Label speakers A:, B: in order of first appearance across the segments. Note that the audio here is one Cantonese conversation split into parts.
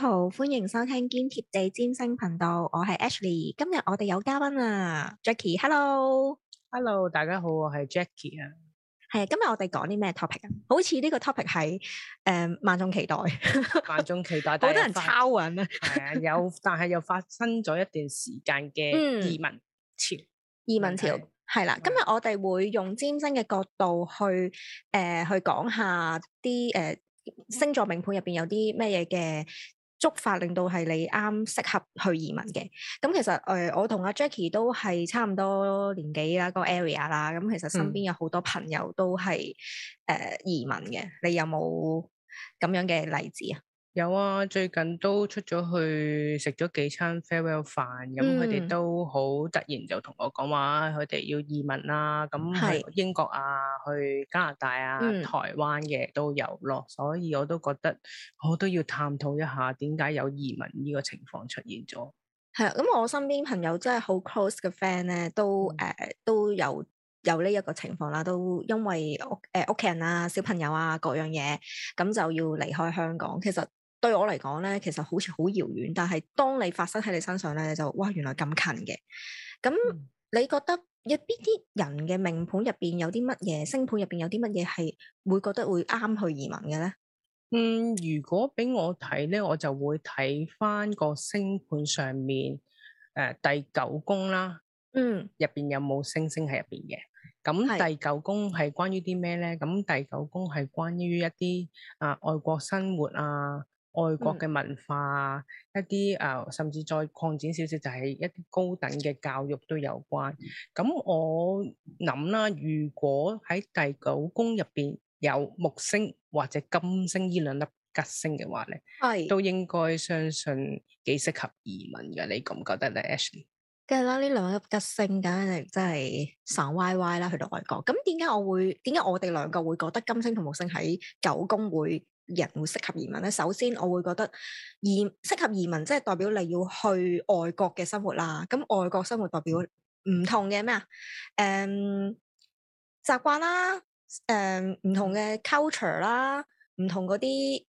A: 好，歡迎收聽堅貼地占星頻道，我係 Ashley，今日我哋有嘉賓啦、啊、，Jackie，Hello，Hello，大家好，我係 Jackie 啊，係啊，今日我哋講啲咩 topic 啊？好似呢個 topic 喺誒萬眾期待，萬 眾期待，好多人抄運係啊， 有，但
B: 係又發生咗一段時間嘅移民潮，
A: 移民潮係啦，今日我哋會用占星嘅角度去誒、呃、去講下啲誒、呃、星座命盤入邊有啲咩嘢嘅觸發令到係你啱適合去移民嘅，咁其實誒、呃、我同阿 Jackie 都係差唔多年紀啦，個 area 啦，咁其實身邊有好多朋友都係誒、嗯呃、移民嘅，你有冇咁樣嘅例子啊？
B: 有啊，最近都出咗去食咗幾餐 farewell 飯，咁佢哋都好突然就同我講話、啊，佢哋要移民啦，咁係英國啊，去加拿大啊，嗯、台灣嘅都有咯，所以我都覺得我都要探討一下，點解有移民呢個情況出現咗？
A: 係啊，咁我身邊朋友真係好 close 嘅 friend 咧，都誒、uh, 都有有呢一個情況啦，都因為屋誒屋企人啊、小朋友啊各樣嘢，咁就要離開香港。其實。對我嚟講咧，其實好似好遙遠，但係當你發生喺你身上咧，就哇，原來咁近嘅。咁你覺得入邊啲人嘅命盤入邊有啲乜嘢，星盤入邊有啲乜嘢係會覺得會啱去移民嘅咧？
B: 嗯，如果俾我睇咧，我就會睇翻個星盤上面誒第九宮啦。嗯，入邊有冇星星喺入邊嘅？咁第九宮係關於啲咩咧？咁第九宮係關於一啲啊外國生活啊。外國嘅文化啊，一啲誒，甚至再擴展少少，就係一啲高等嘅教育都有關。咁我諗啦，如果喺第九宮入邊有木星或者金星呢兩粒吉星嘅話咧，係都應該相信幾適合移民噶。你覺唔覺得咧？Ashley，
A: 梗係啦，呢兩粒吉星梗係真係爽歪歪啦去到外國。咁點解我會？點解我哋兩個會覺得金星同木星喺九宮會？人會適合移民咧，首先我會覺得移適合移民，即係代表你要去外國嘅生活啦。咁外國生活代表唔同嘅咩啊？誒、嗯、習慣啦，誒、嗯、唔同嘅 culture 啦，唔同嗰啲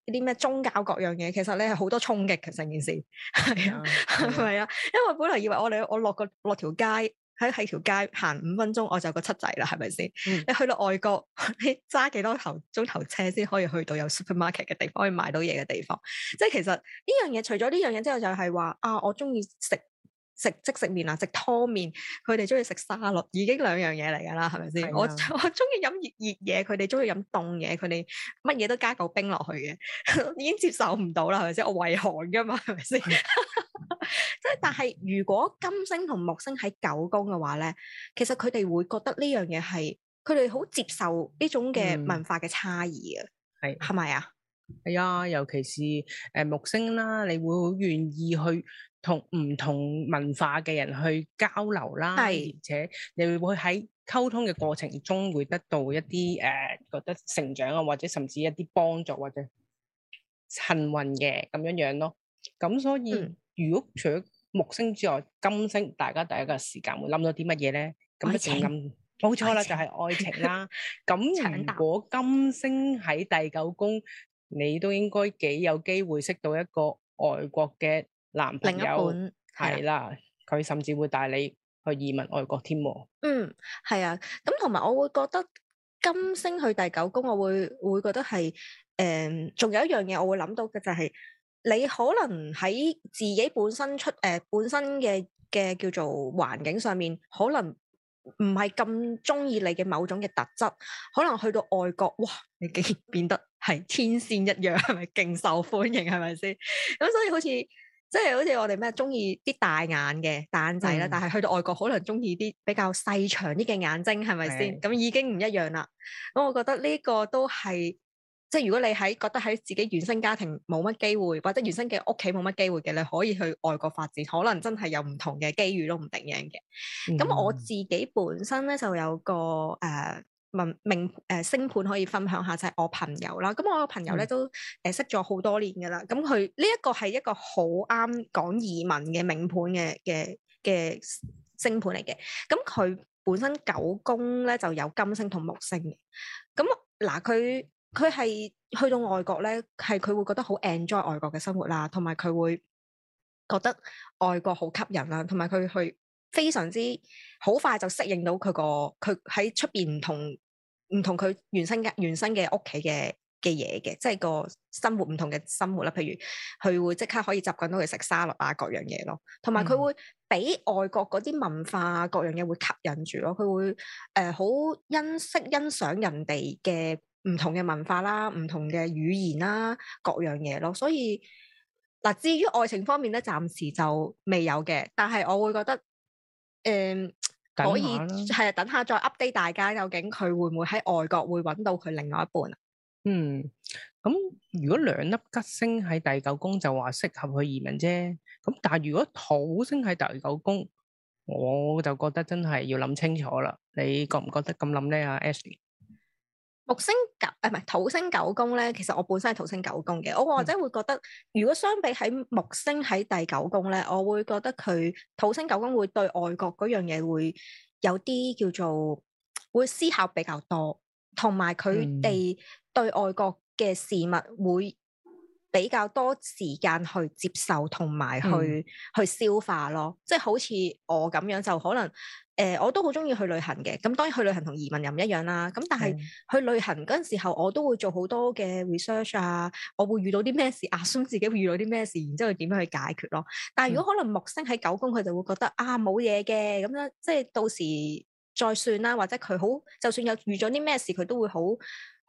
A: 嗰啲咩宗教各樣嘢，其實咧係好多衝擊嘅成件事，係啊，係咪啊？吧 因為本來以為我哋我落個落條街。喺喺條街行五分鐘，我就有個七仔啦，係咪先？嗯、你去到外國，你揸幾多頭鐘頭車先可以去到有 supermarket 嘅地方，可以買到嘢嘅地方？即係其實呢樣嘢，除咗呢樣嘢之後，就係、話啊，我中意食食即食麵啊，食湯麵。佢哋中意食沙律，已經兩樣嘢嚟噶啦，係咪先？我我中意飲熱熱嘢，佢哋中意飲凍嘢，佢哋乜嘢都加嚿冰落去嘅， 已經接受唔到啦，係咪先？我胃寒噶嘛，係咪先？ 即係， 但係如果金星同木星喺九宮嘅話咧，其實佢哋會覺得呢樣嘢係，佢哋好接受呢種嘅文化嘅差異啊。係係咪
B: 啊？係啊吧、哎，尤其是誒、呃、木星啦，你會好願意去同唔同文化嘅人去交流啦，是而且你會喺溝通嘅過程中會得到一啲誒、呃、覺得成長啊，或者甚至一啲幫助或者幸運嘅咁樣樣、啊、咯。咁所以。嗯如果除咗木星之外，金星大家第一個時間會諗到啲乜嘢咧？咁一定諗，冇錯啦，愛情，就係愛情啦。咁 如果金星喺第九宮，你都應該幾有機會識到一個外國嘅男朋友，係啦，佢、啊、甚至會帶你去移民外國添。嗯，
A: 係啊，咁同埋我會覺得金星去第九宮，我會會覺得係，誒、嗯，仲有一樣嘢我會諗到嘅就係、是。你可能喺自己本身出誒、呃、本身嘅嘅叫做環境上面，可能唔係咁中意你嘅某種嘅特質，可能去到外國，哇！你竟然變得係天仙一樣，係咪？勁受歡迎，係咪先？咁所以好似即係好似我哋咩中意啲大眼嘅大眼仔啦，嗯、但係去到外國可能中意啲比較細長啲嘅眼睛，係咪先？咁是的 已經唔一樣啦。咁我覺得呢個都係。即係如果你喺覺得喺自己原生家庭冇乜機會，或者原生嘅屋企冇乜機會嘅，你可以去外國發展，可能真係有唔同嘅機遇都唔定嘅。咁、嗯、我自己本身咧就有個誒文命誒星盤可以分享下，就係、是、我朋友啦。咁我個朋友咧都誒識咗好多年噶啦。咁佢呢一個係一個好啱講移民嘅命盤嘅嘅嘅星盤嚟嘅。咁佢本身九宮咧就有金星同木星嘅。咁嗱佢。呃佢係去到外國咧，係佢會覺得好 enjoy 外國嘅生活啦，同埋佢會覺得外國好吸引啦，同埋佢去非常之好快就適應到佢個，佢喺出邊唔同唔同佢原生嘅原生嘅屋企嘅嘅嘢嘅，即係個生活唔同嘅生活啦。譬如佢會即刻可以習慣到佢食沙律啊各樣嘢咯，同埋佢會俾外國嗰啲文化、啊、各樣嘢會吸引住咯，佢會誒好、呃、欣識欣賞人哋嘅。唔同嘅文化啦，唔同嘅語言啦，各樣嘢咯。所以嗱，至於愛情方面咧，暫時就未有嘅。但係我會覺得，誒、嗯，可以係等下再 update 大家究竟佢會唔會喺外國會揾到佢另外一半啊？嗯，
B: 咁如果兩粒吉星喺第九宮就話適合去移民啫。咁但係如果土星喺第九宮，我就覺得真係要諗清楚啦。你覺唔覺得咁諗咧阿。Ashley
A: 木星九，誒唔係土星九宮咧。其實我本身係土星九宮嘅，我或者會覺得，如果相比喺木星喺第九宮咧，我會覺得佢土星九宮會對外國嗰樣嘢會有啲叫做會思考比較多，同埋佢哋對外國嘅事物會。比較多時間去接受同埋去、嗯、去消化咯，即係好似我咁樣就可能誒、呃，我都好中意去旅行嘅。咁當然去旅行同移民又唔一樣啦。咁但係去旅行嗰陣時候，我都會做好多嘅 research 啊，我會遇到啲咩事，阿孫自己會遇到啲咩事，然之後點樣去解決咯。但係如果可能木星喺九宮，佢就會覺得啊冇嘢嘅咁樣，即係到時再算啦。或者佢好，就算有遇咗啲咩事，佢都會好。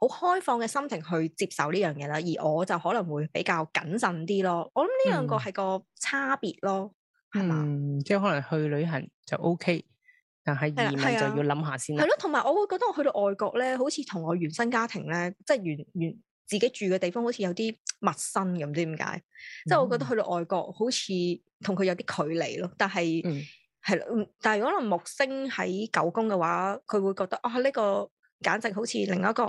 A: 好開放嘅心情去接受呢樣嘢啦，而我就可能會比較謹慎啲咯。我諗呢兩個係個差別咯，係嘛、嗯？
B: 吧即係可能去旅行就 OK，但係移民就要諗下先啦。係
A: 咯、啊，同埋、啊啊、我會覺得我去到外國咧，好似同我原生家庭咧，即係原原自己住嘅地方，好似有啲陌生咁，唔知點解。即係、嗯、我覺得去到外國好似同佢有啲距離咯。但係係、嗯啊，但係可能木星喺九宮嘅話，佢會覺得啊呢、呢個。簡直好似另一個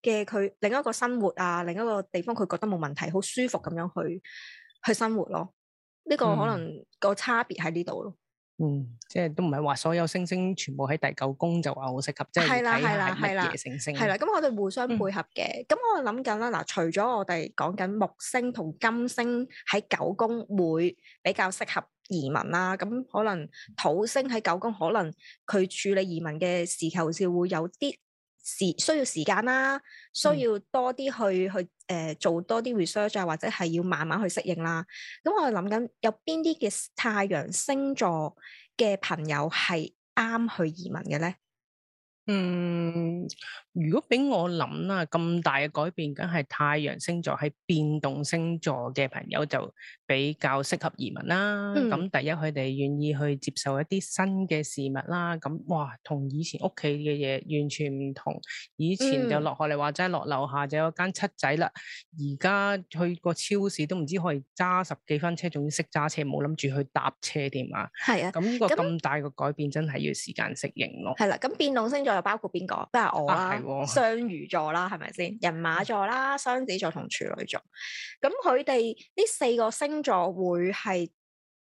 A: 嘅佢，咳咳另一個生活啊，另一個地方佢覺得冇問題，好舒服咁樣去去生活咯。呢、這個可能個差別喺呢度咯。嗯，
B: 即係都唔係話所有星星全部喺第九宮就話好適合，即係睇人係乜嘢星星，啊。係啦，咁、
A: 嗯、我哋互相配合嘅。咁、嗯、我諗緊啦，嗱，除咗我哋講緊木星同金星喺九宮會比較適合。移民啦、啊，咁可能土星喺九宮，可能佢處理移民嘅時候是會有啲時需要時間啦、啊，需要多啲去、嗯、去誒、呃、做多啲 research 啊，或者係要慢慢去適應啦、啊。咁我諗緊有邊啲嘅太陽星座嘅朋友係啱去移民嘅咧？嗯。如果俾我諗啦，咁大嘅改變，梗係
B: 太陽星座喺變動星座嘅朋友就比較適合移民啦。咁、嗯、第一，佢哋願意去接受一啲新嘅事物啦。咁哇，同以前屋企嘅嘢完全唔同。以前就落學嚟話齋，嗯、落樓下就有間七仔啦。而家去個超市都唔知可以揸十幾分車，仲要識揸車，冇諗住去搭車點啊。係啊、嗯。
A: 咁呢個咁
B: 大嘅改變，真係要時間適應咯。係啦、啊，
A: 咁變動星座又包括邊個？即係我啊雙魚座啦，係咪先？人馬座啦，雙子座同處女座。咁佢哋呢四個星座會係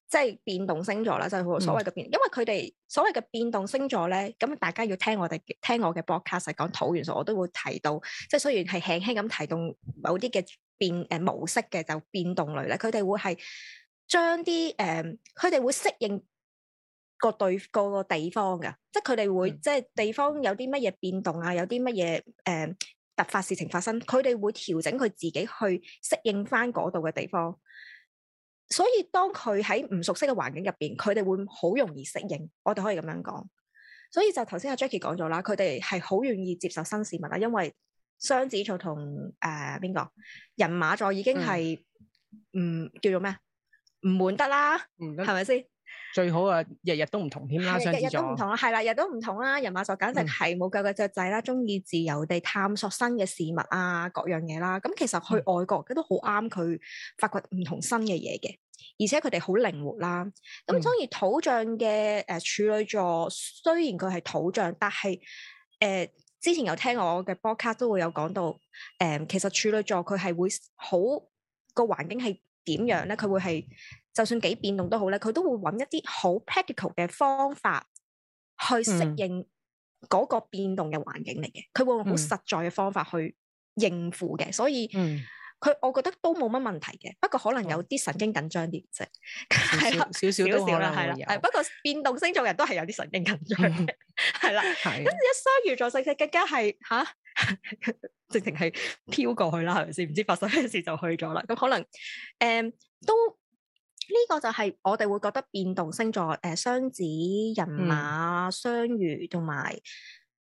A: 即係變動星座啦，就係、是、所謂嘅變動。嗯、因為佢哋所謂嘅變動星座咧，咁大家要聽我哋聽我嘅播卡，就係講土元素，我都會提到，即、就、係、是、雖然係輕輕咁提到某啲嘅變誒、呃、模式嘅就變動類咧，佢哋會係將啲誒，佢、呃、哋會適應。個對個地方嘅，即係佢哋會，嗯、即係地方有啲乜嘢變動啊，有啲乜嘢誒突發事情發生，佢哋會調整佢自己去適應翻嗰度嘅地方。所以當佢喺唔熟悉嘅環境入邊，佢哋會好容易適應，我哋可以咁樣講。所以就頭先阿 Jackie 講咗啦，佢哋係好願意接受新事物啦，因為雙子座同誒邊個人馬座已經係唔、嗯、叫做咩唔滿得啦，係咪先？是最好啊，日日都唔同添啦，日日都唔同啦，係啦，日日都唔同啦、啊。人馬座簡直係冇腳嘅雀仔啦，中意、嗯、自由地探索新嘅事物啊，各樣嘢啦。咁其實去外國佢都好啱佢發掘唔同新嘅嘢嘅，而且佢哋好靈活啦。咁中意土象嘅誒、呃、處女座，雖然佢係土象，但係誒、呃、之前有聽我嘅波卡都會有講到，誒、呃、其實處女座佢係會好個環境係點樣咧？佢會係。就算幾變動都好咧，佢都會揾一啲好 practical 嘅方法去適應嗰個變動嘅環境嚟嘅，佢、嗯、會用好實在嘅方法去應付嘅，所以佢、嗯、我覺得都冇乜問題嘅。不過可能有啲神經緊張啲啫，係、嗯、的少少少啦，係啦，係不過變動星座人都係有啲神經緊張，係啦、嗯，跟住一雙魚座，佢更加係吓，直情係飄過去啦，係咪先？唔知發生咩事就去咗啦。咁可能誒、嗯嗯、都。呢個就係我哋會覺得變動星座，誒、呃、雙子、人馬、雙魚同埋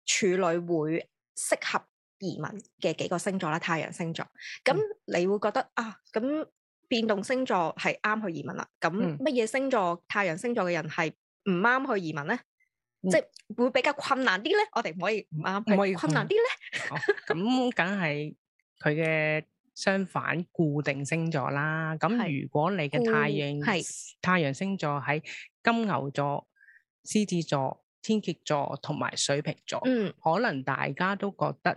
A: 處女會適合移民嘅幾個星座啦。太陽星座，咁你會覺得啊，咁變動星座係啱去移民啦。咁乜嘢星座？太陽星座嘅人係唔啱去移民咧、啊，即係、嗯、會比較困難啲咧。我哋唔可以唔啱，唔可以困難啲咧。
B: 咁梗係佢嘅。嗯嗯哦嗯相反，固定星座啦。咁如果你嘅太陽太陽星座喺金牛座、獅子座、天蠍座同埋水瓶座，可能大家都覺得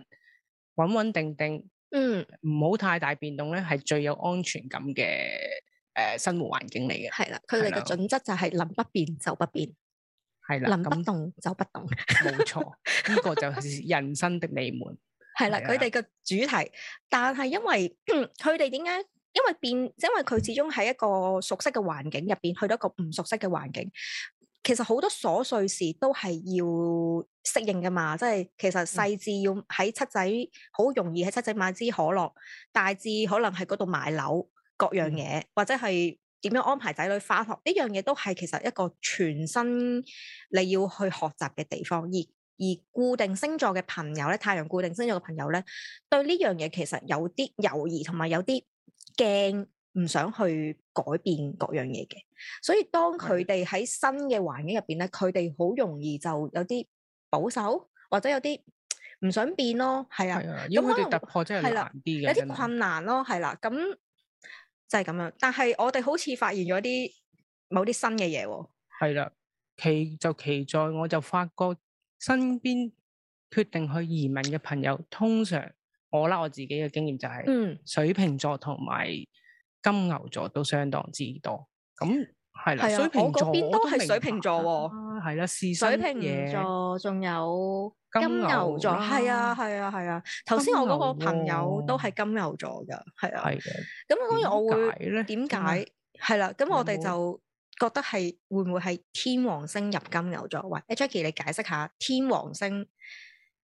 B: 穩穩定定，嗯，唔好太大變動咧，係最有安全感嘅誒生活環境嚟嘅。係啦，佢哋嘅準
A: 則就係能不變就不變，係啦，能不動就不動。冇錯，呢個就係人生的美滿。
B: 係啦，佢哋嘅
A: 主題，但係因為佢哋點解？因為變，因為佢始終喺一個熟悉嘅環境入邊，去到一個唔熟悉嘅環境，其實好多瑣碎事都係要適應㗎嘛。即係其實細至要喺七仔好、嗯、容易喺七仔買支可樂，大至可能喺嗰度買樓，各樣嘢、嗯、或者係點樣安排仔女返學，呢樣嘢都係其實一個全新你要去學習嘅地方。而而固定星座嘅朋友咧，太陽固定星座嘅朋友咧，對呢樣嘢其實有啲猶豫，同埋有啲驚，唔想去改變各樣嘢嘅。所以當佢哋喺新嘅環境入邊咧，佢哋好容易就有啲保守，或者有啲唔想變咯。係啊，咁佢哋突破真係難啲嘅，有啲困難咯。係啦，咁就係咁樣。但係我哋好似發現咗啲某啲新嘅嘢喎。
B: 係啦，奇就奇在我就發覺。身邊決定去移民嘅朋友，通常我啦，我自己嘅經驗就係，水瓶座同埋金牛座都相當之多。咁係啦，水瓶座我嗰邊都係水瓶
A: 座。
B: 係啦，水瓶座
A: 仲有金牛座。係啊，係啊，係啊。頭先我嗰個朋友都係金牛座噶。係啊。咁當然我解會點解？係啦。咁我哋就。覺得係會唔會係天王星入金牛座？話、啊、Jackie，你解釋下天王星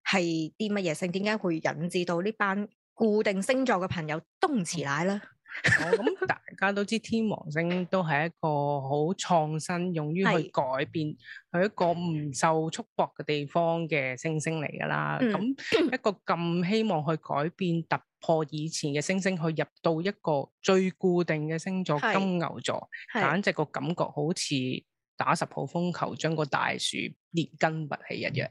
A: 係啲乜嘢星？點解會引致到呢班固定星座嘅朋友都唔遲奶咧？嗯
B: 咁、 哦、大家都知 天王星都係一個好創新，用於去改變，去一個唔受束縛嘅地方嘅星星嚟㗎啦。咁、嗯、一個咁希望去改變突破以前嘅星星，去入到一個最固定嘅星座是 金牛座，是 簡直個感覺好似打十號風球，將個大樹連根拔起一樣。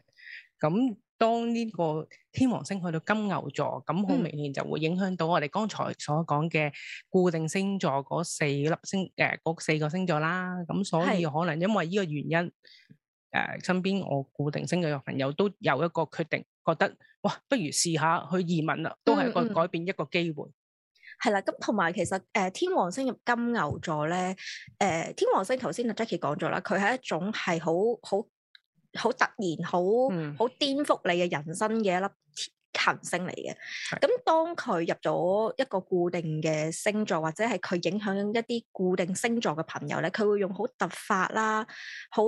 B: 咁。嗯嗯嗯當呢個天王星去到金牛座，咁好明顯就會影響到我哋剛才所講嘅固定星座嗰四粒星，誒四個星座啦。咁所以可能因為呢個原因，誒是、呃、身邊我固定星座嘅朋友都有一個決定，覺得哇，不如試下去移民啦，都係一個改變一個機會。
A: 係啦，咁同埋其實誒、呃、天王星入金牛座咧，誒、呃、天王星頭先阿 Jackie 講咗啦，佢係一種係好好。好突然，好好顛覆你嘅人生嘅一粒行星嚟嘅。咁的當佢入咗一個固定嘅星座，或者係佢影響一啲固定星座嘅朋友咧，佢會用好突發啦，好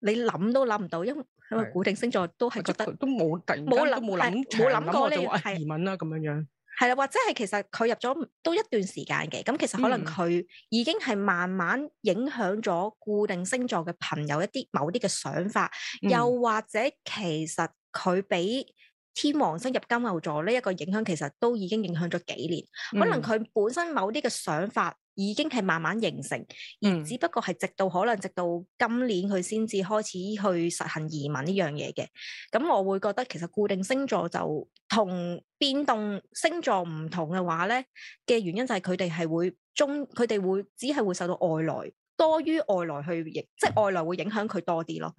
A: 你諗都諗唔到，因為固定星座都係覺得都冇突然間都冇諗冇諗過
B: 咧，移民啦咁樣樣。
A: 係啦，或者係其實佢入咗都一段時間嘅，咁其實可能佢已經係慢慢影響咗固定星座嘅朋友一啲某啲嘅想法，又或者其實佢俾天王星入金牛座呢一個影響，其實都已經影響咗幾年，可能佢本身某啲嘅想法。已經係慢慢形成，而只不過係直到可能直到今年佢先至開始去實行移民呢樣嘢嘅。咁我會覺得其實固定星座就同變動星座唔同嘅話咧嘅原因就係佢哋係會中，佢哋會只係會受到外來多於外來去影，即係外來會影響佢多啲咯。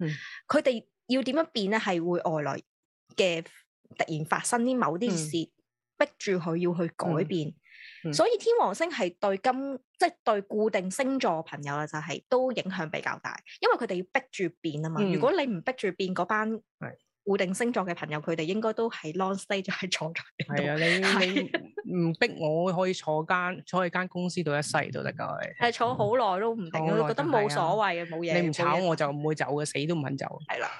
A: 佢哋、嗯、要點樣變咧？係會外來嘅突然發生啲某啲事，嗯、逼住佢要去改變。嗯所以天王星係對金，即、就、係、是、對固定星座朋友啊、就是，就係都影響比較大，因為佢哋要逼住變啊嘛。嗯、如果你唔逼住變，嗰班固定星座嘅朋友，佢哋的應該都係 long stay 就係坐喺度。係啊，你的你唔逼我
B: 可以坐間 坐喺間公司度一世都得㗎。係
A: 坐好耐都唔定，我覺得冇所謂嘅冇嘢。的你唔炒我就
B: 唔會走嘅，的死都唔肯走。係啦，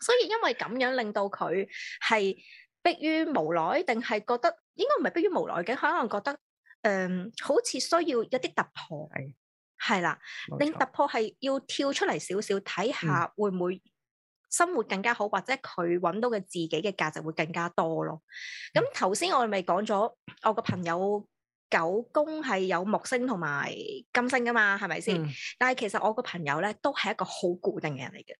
A: 所以因為咁樣令到佢係迫於無奈，定係覺得應該唔係迫於無奈嘅，可能覺得。誒、嗯，好似需要一啲突破，係啦，令突破係要跳出嚟少少，睇下會唔會生活更加好，嗯、或者佢揾到嘅自己嘅價值會更加多咯。咁頭先我咪講咗，我個朋友九宮係有木星同埋金星噶嘛，係咪先？嗯、但係其實我個朋友咧都係一個好固定嘅人嚟嘅。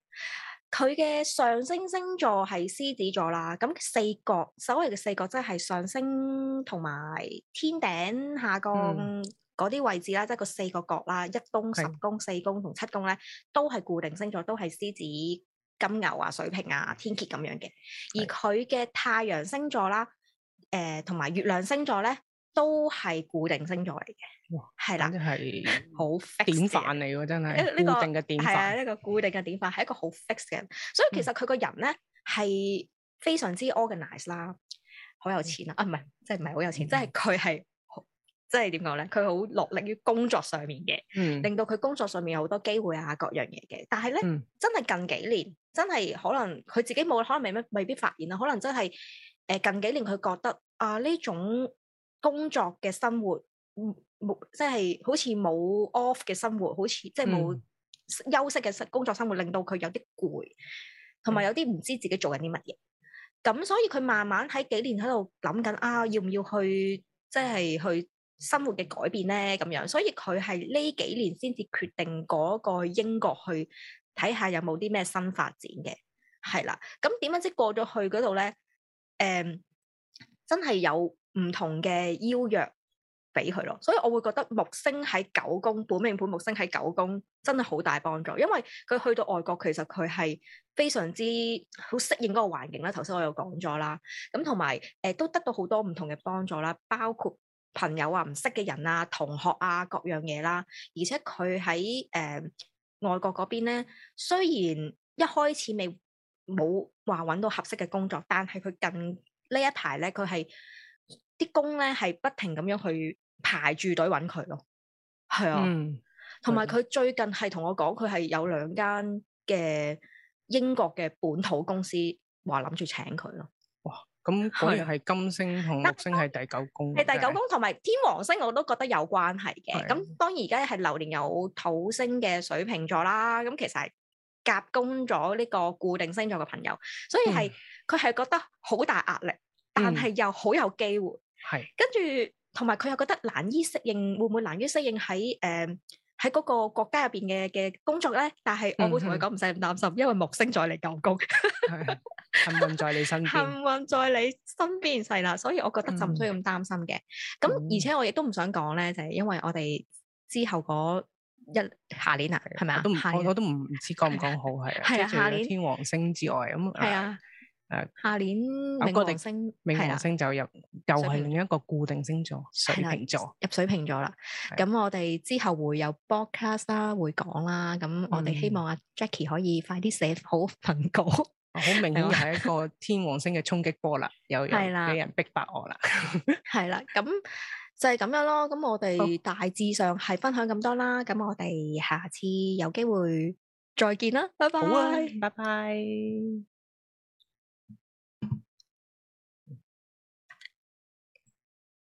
A: 佢嘅上升星座係獅子座啦，咁四角，所謂嘅四角即係上升同埋天頂、下降嗰啲位置啦，嗯、即係個四個角啦，一宮、是十宮、四宮同七宮咧，都係固定星座，都係獅子、金牛啊、水瓶啊、天蠍咁樣嘅。而佢嘅太陽星座啦，誒、呃，同埋月亮星座咧，都係固定星座嚟
B: 嘅，係啦哇，係好 fix 典範嚟喎，真係固定嘅典範，係啊、呢個，一、 呢個
A: 固定嘅典範，係一個好 fix 嘅。所以其實佢個人咧係非常之 organized 啦，好有錢啦，啊唔係，即係唔係好有錢，即係佢係即係點講咧？佢好落力於工作上面嘅，嗯、令到佢工作上面有好多機會啊，各樣嘢嘅。但係咧，嗯、真係近幾年，真係可能佢自己冇可能未未必發現啦，可能真係誒近幾年佢覺得啊呢、啊、種。工作嘅生活，冇即係好似冇 off 嘅生活，嗯、好似即係冇休息嘅工作生活，令到佢有啲攰，同埋有啲唔知自己做緊啲乜嘢。咁、嗯、所以佢慢慢喺幾年喺度諗緊啊，要唔要去即係、就是、去生活嘅改變咧咁樣。所以佢係呢幾年先至決定嗰個去英國去睇下有冇啲咩新發展嘅，係啦。咁點樣即係過咗去嗰度咧？誒、嗯，真係有。唔同嘅邀約俾佢咯，所以我會覺得木星喺九宮，本命盤木星喺九宮真係好大幫助，因為佢去到外國，其實佢係非常之好適應嗰個環境啦。頭先我又有講咗啦，咁同埋誒都得到好多唔同嘅幫助啦，包括朋友啊、唔識嘅人啊、同學啊各樣嘢啦、啊。而且佢喺誒外國嗰邊咧，雖然一開始未冇話揾到合適嘅工作，但係佢近，近呢一排咧，佢係。啲工咧，係不停咁樣去排住隊揾佢咯，係啊，同埋佢最近係同我講，佢係有兩間嘅英國嘅本土公司話諗住請佢咯。哇，
B: 咁嗰樣係金星同木星係第九宮，係第九宮
A: 同埋天王星，我都覺得有關係嘅。咁當然而家係流年有土星嘅水瓶座啦，咁其實係夾攻咗呢個固定星座嘅朋友，所以係佢係覺得好大壓力，但係又好有機會。係，跟住同埋佢又覺得難以適應，會唔會難於適應喺誒喺嗰個國家入邊嘅嘅工作咧？但係我會同佢講，唔使咁擔心，因為木星在你九宮，
B: 幸運在你身，幸
A: 運在你身邊，係啦，所以我覺得就唔需要咁擔心嘅。咁而且我亦都唔想講咧，就係因為我哋之後嗰一下年啊，係咪啊？都唔，我都唔唔知講唔講好，係啊，係啊，下年天王星之外咁，係啊。下、啊、年冥王星冥王星就入的又係另一個固定星座的水瓶座的入水瓶座啦。咁的我哋之後會有 broadcast 啦，會講啦。咁我哋希望阿 Jackie 可以快啲寫好份稿。好、嗯、 明顯係一個天王星嘅衝擊波啦，又的有俾人
B: 逼白我啦。
A: 係 啦，咁就係咁樣咯。咁我哋大致上係分享咁多啦。咁我哋下次有機會再見啦，拜拜，拜拜、啊。Bye bye bye